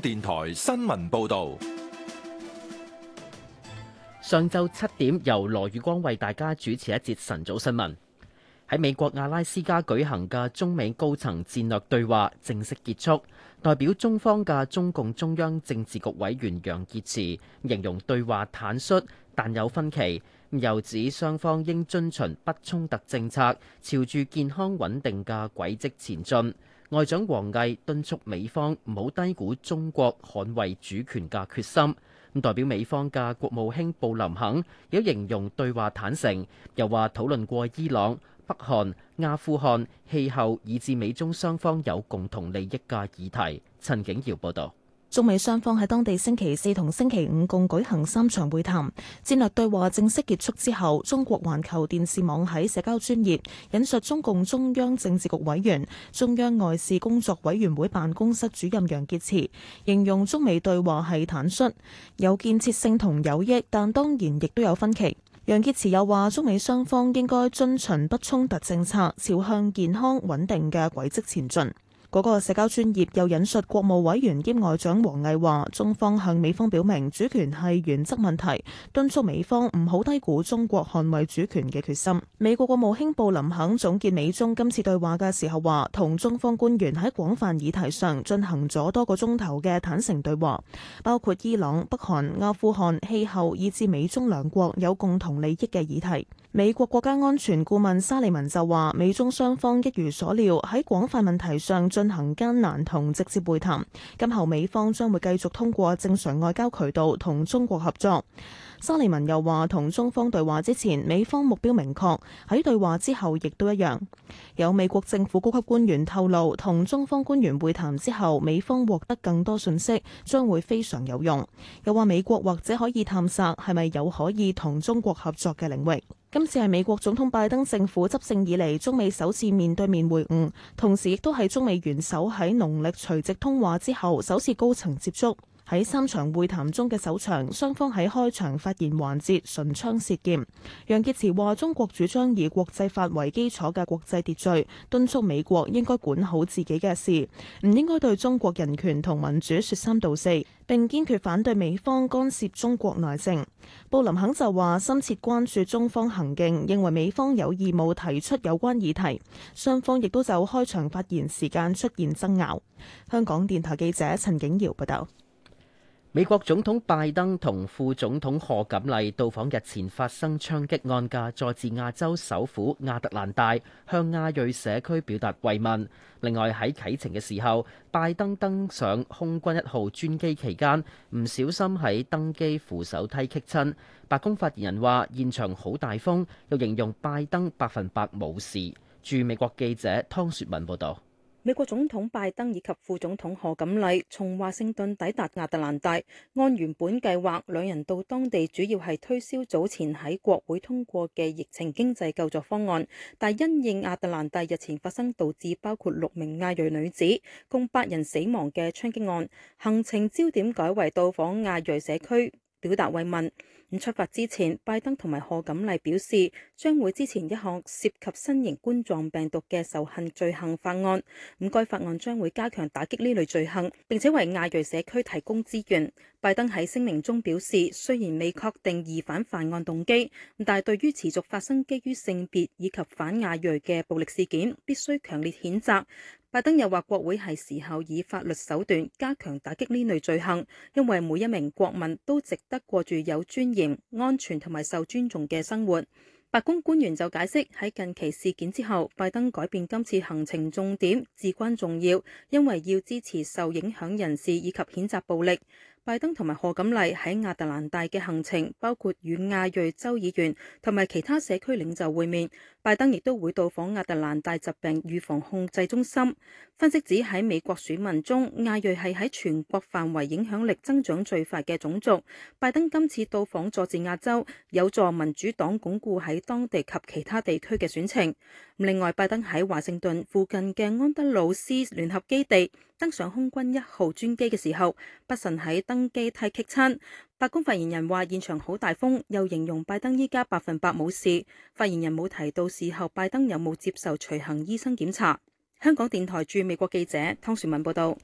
電台新聞報道：上晝七點，由羅宇光為大家主持一節晨早新聞。喺美國阿拉斯加舉行嘅中美高層戰略對話正式結束。代表中方嘅中共中央政治局委員楊潔篪形容對話坦率，但有分歧。又指雙方應遵循不衝突政策，朝住健康穩定嘅軌跡前進。外長王毅敦促美方唔好低估中國捍衞主權嘅決心。咁代表美方嘅國務卿布林肯有形容對話坦誠，又話討論過伊朗、北韓、阿富汗氣候，以至美中雙方有共同利益嘅議題。陳景堯報道。中美雙方喺當地星期四同星期五共舉行三場會談，戰略對話正式結束之後，中國環球電視網喺社交專頁引述中共中央政治局委員、中央外事工作委員會辦公室主任楊潔篪，形容中美對話係坦率、有建設性同有益，但當然亦都有分歧。楊潔篪又話：中美雙方應該遵循不衝突政策，朝向健康穩定嘅軌跡前進。嗰個社交專業又引述國務委員兼外長王毅話：中方向美方表明，主權係原則問題，敦促美方唔好低估中國捍衞主權嘅決心。美國國務卿布林肯總結美中今次對話嘅時候話：同中方官員喺廣泛議題上進行咗多個鐘頭嘅坦誠對話，包括伊朗、北韓、阿富汗、氣候，以至美中兩國有共同利益嘅議題。美國國家安全顧問沙利文就話：美中雙方一如所料喺廣泛問題上進。進行艱難同直接會談，今後美方將會繼續通過正常外交渠道同中國合作。沙利文又話：同中方對話之前，美方目標明確；喺對話之後，亦都一樣。有美國政府高級官員透露，同中方官員會談之後，美方獲得更多信息，將會非常有用。又話美國或者可以探索係咪有可以同中國合作嘅領域。今次係美國總統拜登政府執政以嚟中美首次面對面會晤，同時亦都係中美元首喺農曆除夕通話之後首次高層接觸。喺三場會談中嘅首場，雙方喺開場發言環節唇槍舌劍。楊潔篪話：中國主張以國際法為基礎嘅國際秩序，敦促美國應該管好自己嘅事，唔應該對中國人權同民主説三道四，並堅決反對美方干涉中國內政。布林肯就話深切關注中方行徑，認為美方有義務提出有關議題。雙方亦都就開場發言時間出現爭拗。香港電台記者陳景堯報道。美國總統拜登同副總統賀錦麗到訪日前發生槍擊案嘅佐治亞州首府亞特蘭大，向亞裔社區表達慰問。另外喺啟程嘅時候，拜登登上空軍一號專機期間，唔小心喺登機扶手梯棘親。白宮發言人話，現場好大風，又形容拜登百分百冇事。駐美國記者湯雪文報道。美國總統拜登以及副總統賀錦麗從華盛頓抵達亞特蘭大，按原本計劃，兩人到當地主要係推銷早前喺國會通過嘅疫情經濟救助方案，但因應亞特蘭大日前發生導致包括六名亞裔女子共八人死亡嘅槍擊案，行程焦點改為到訪亞裔社區表達慰問。出發之前，拜登同埋賀錦麗表示，將會支持一項涉及新型冠狀病毒嘅仇恨罪行法案。唔該法案將會加強打擊呢類罪行，並且為亞裔社區提供資源。拜登喺聲明中表示，雖然未確定疑犯犯案動機，但係對於持續發生基於性別以及反亞裔嘅暴力事件，必須強烈譴責。拜登又話國會係時候以法律手段加強打擊呢類罪行，因為每一名國民都值得過住有尊嚴、安全同埋受尊重嘅生活。白宮官員就解釋，喺近期事件之後，拜登改變今次行程重點至關重要，因為要支持受影響人士以及譴責暴力。拜登同埋賀錦麗喺亞特蘭大嘅行程包括與亞裔州議員同埋其他社區領袖會面。拜登亦都會到訪亞特蘭大疾病預防控制中心。分析指喺美國選民中，亞裔係喺全國範圍影響力增長最快嘅種族。拜登今次到訪佐治亞州，有助民主黨鞏固喺當地及其他地區嘅選情。另外，拜登喺華盛頓附近嘅安德魯斯聯合基地。登上空軍一號專機嘅時候，不慎喺登機梯跣親。白宮發言人話：現場好大風，又形容拜登依家百分百冇事。發言人冇提到事後拜登有冇接受隨行醫生檢查。香港電台駐美國記者湯樹文報道：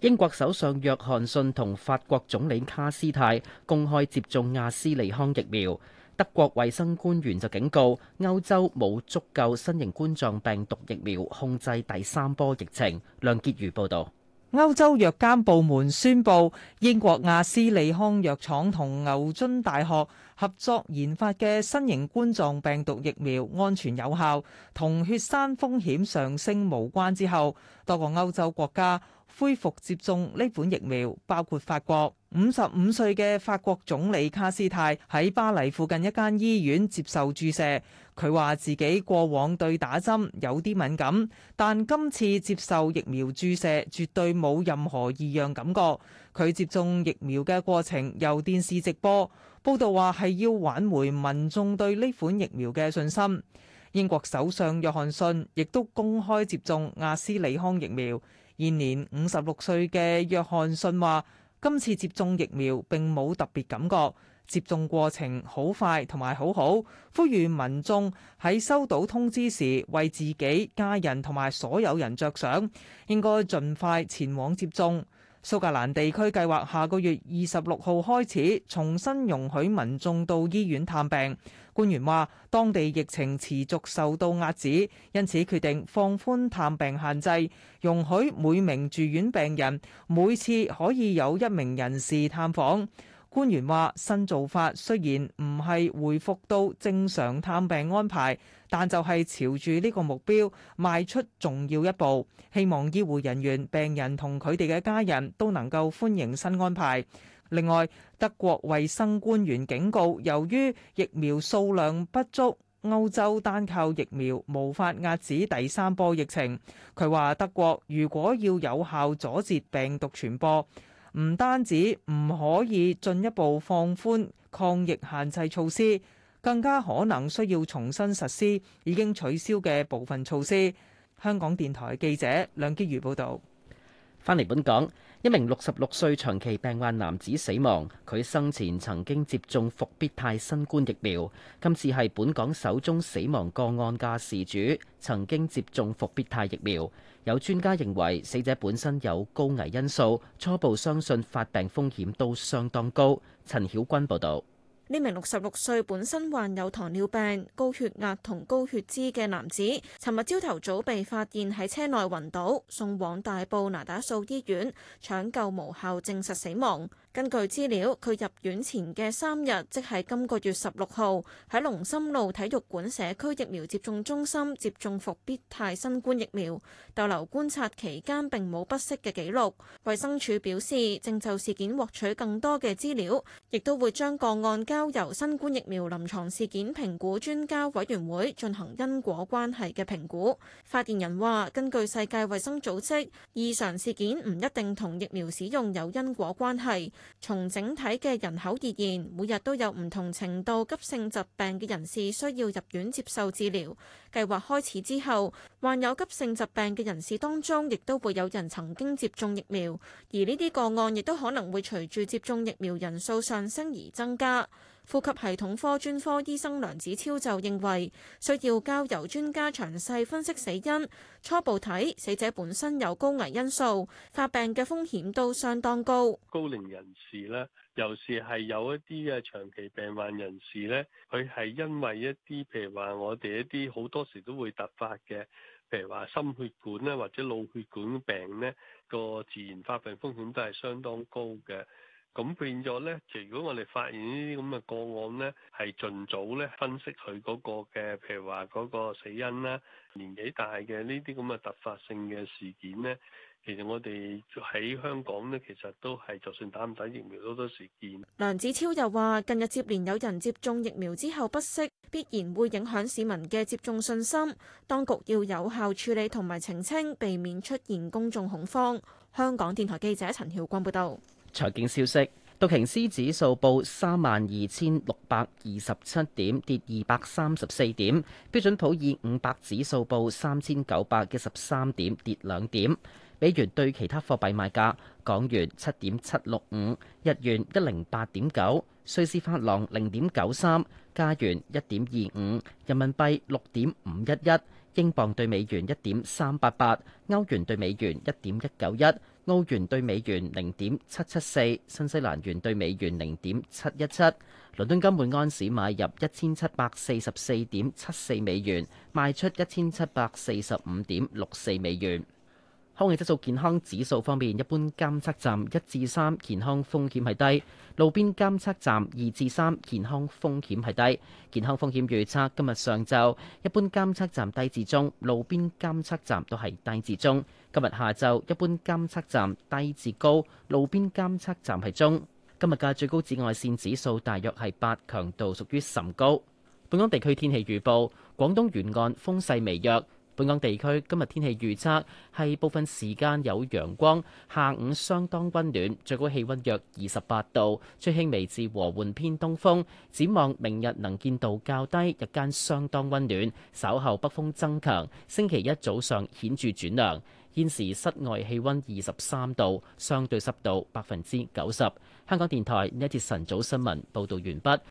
英國首相約翰遜同法國總理卡斯泰公開接種阿斯利康疫苗。德國衛生官員就警告歐洲冇足夠新型冠狀病毒疫苗控制第三波疫情。梁潔如報道，歐洲藥監部門宣布，英國亞斯利康藥廠同牛津大學合作研發嘅新型冠狀病毒疫苗安全有效，同血栓風險上升無關。之後，多個歐洲國家，恢復接種呢款疫苗，包括法國五十五歲嘅法國總理卡斯泰喺巴黎附近一間醫院接受注射。佢話自己過往對打針有啲敏感，但今次接受疫苗注射絕對冇任何異樣感覺。佢接種疫苗嘅過程由電視直播，報道話係要挽回民眾對呢款疫苗嘅信心。英國首相約翰遜亦都公開接種阿斯利康疫苗。現年五十六歲嘅約翰遜話：今次接種疫苗並冇特別感覺，接種過程好快同埋好好。呼籲民眾喺收到通知時為自己、家人同埋所有人着想，應該盡快前往接種。蘇格蘭地區計劃下個月二十六號開始重新容許民眾到醫院探病。官員話：當地疫情持續受到壓制，因此決定放寬探病限制，容許每名住院病人每次可以有一名人士探訪。官員話：新做法雖然唔係恢復到正常探病安排，但就係朝住呢個目標邁出重要一步。希望醫護人員、病人同佢哋嘅家人都能夠歡迎新安排。另外，德國衛生官員警告，由於疫苗數量不足，歐洲單靠疫苗無法壓止第三波疫情。佢話：德國如果要有效阻止病毒傳播，唔單止唔可以進一步放寬抗疫限制措施，更加可能需要重新實施已經取消嘅部分措施。香港電台記者梁潔如報導。返嚟本港，一名六十六歲長期病患男子死亡，佢生前曾經接種復必泰新冠疫苗。今次係本港首宗死亡個案，嘅事主曾經接種復必泰疫苗。有專家認為死者本身有高危因素，初步相信發病風險都相當高。陳曉君報導。呢名六十六歲、本身患有糖尿病、高血壓同高血脂嘅男子，尋日朝頭早被發現喺車內暈倒，送往大埔拿打素醫院，搶救無效，證實死亡。根據資料，佢入院前嘅三日，即係今個月十六號，喺龍琛路體育館社區疫苗接種中心接種復必泰新冠疫苗。逗留觀察期間並冇不適嘅記錄。衛生署表示，正就事件獲取更多嘅資料，亦都會將個案交由新冠疫苗臨床事件評估專家委員會進行因果關係嘅評估。發言人話：根據世界衛生組織，異常事件唔一定同疫苗使用有因果關係。從整體嘅人口而言，每日都有唔同程度急性疾病嘅人士需要入院接受治療。計劃開始之後，患有急性疾病嘅人士當中，亦都會有人曾經接種疫苗，而呢啲個案亦都可能會隨住接種疫苗人數上升而增加。呼吸系統科專科醫生梁子超就認為，需要交由專家詳細分析死因。初步睇，死者本身有高危因素，發病嘅風險都相當高。高齡人士呢，尤其是係有一啲嘅長期病患人士呢，佢係因為一啲譬如話我哋一啲好多時都會突發嘅，譬如話心血管呢，或者腦血管病呢，個自然發病風險都係相當高嘅。咁變咗咧，如果我哋發現呢啲咁嘅個案呢，係盡早咧分析佢嗰個嘅，譬如話嗰個死因啦、年紀大嘅呢啲咁嘅突發性嘅事件呢，其實我哋喺香港呢，其實都係就算打唔打疫苗，好多時見。梁子超又話：近日接連有人接種疫苗之後不適，必然會影響市民嘅接種信心。當局要有效處理同埋澄清，避免出現公眾恐慌。香港電台記者陳曉光報導。財經消息，道瓊斯指數報三萬二千六百二十七點，跌二百三十四點。標準普爾五百指數報三千九百一十三點，跌兩點。美元對其他貨幣賣價：港元七點七六五，日元一零八點九，瑞士法郎零點九三，加元一點二五，人民幣六點五一一，英鎊對美元一點三八八，歐元對美元一點一九一。歐元兌美元零點七七四，新西蘭元兌美元零點七一七，倫敦金每盎司買入一千七百四十四點七四美元，賣出一千七百四十五點六四美元。空氣質素健康指數方面，一般監測站一至三，健康風險係低；路邊監測站二至三，健康風險係低。健康風險預測今日上晝，一般監測站低至中，路邊監測站都係低至中。今日下晝，一般監測站低至高，路邊監測站係中。今日嘅最高紫外線指數大約係八，強度屬於甚高。本港地區天氣預報：廣東沿岸風勢微弱。本港地區今日天氣預測係部分時間有陽光，下午相當温暖，最高氣温約二十八度，吹輕微至和緩偏東風。展望明日能見度較低，日間相當温暖，稍後北風增強。星期一早上顯著轉涼。現時室外氣温二十三度，相對濕度百分之九十。香港電台呢一節晨早新聞報道完畢。